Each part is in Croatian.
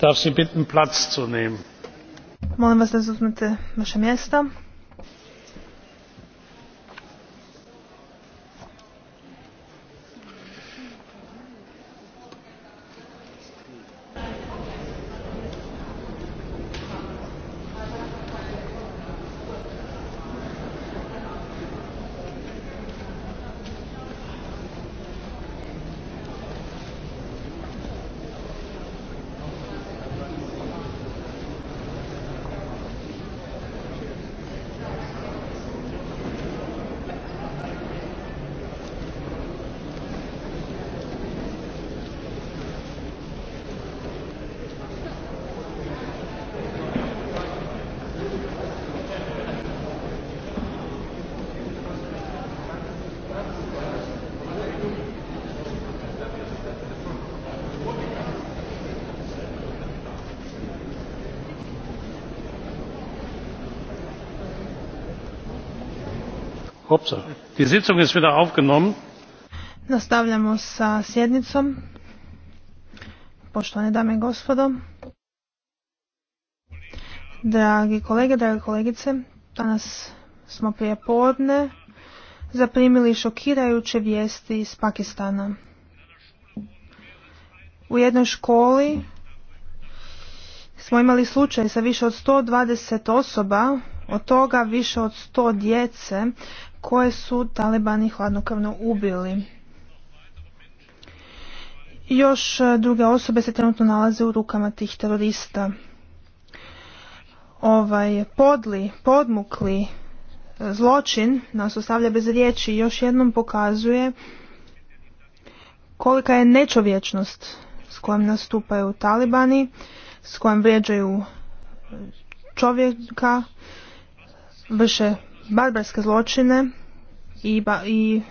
darf sie bitten platz zu nehmen. molim vas da zauzmete vaša mjesta. nastavljamo sa sjednicom. poštovane dame i gospodo dragi kolege drage kolegice danas smo prije podne zaprimili šokirajuće vijesti iz pakistana. u jednoj školi smo imali slučaj sa više od 120 osoba od toga više od sto djece koje su talibani hladnokrvno ubili. Još e, druge osobe se trenutno nalaze u rukama tih terorista. Ovaj podli, podmukli e, zločin nas ostavlja bez riječi još jednom pokazuje kolika je nečovječnost s kojom nastupaju talibani, s kojom vrijeđaju čovjeka, vrše barbarske zločine i, ba, i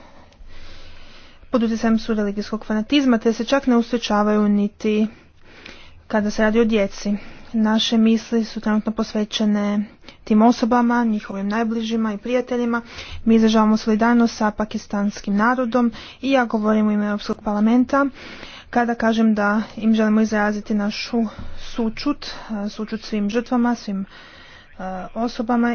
pod utjecajem su religijskog fanatizma, te se čak ne usrećavaju niti kada se radi o djeci. Naše misli su trenutno posvećene tim osobama, njihovim najbližima i prijateljima. Mi izražavamo solidarnost sa pakistanskim narodom i ja govorim u ime Europskog parlamenta kada kažem da im želimo izraziti našu sučut, sučut svim žrtvama, svim osobama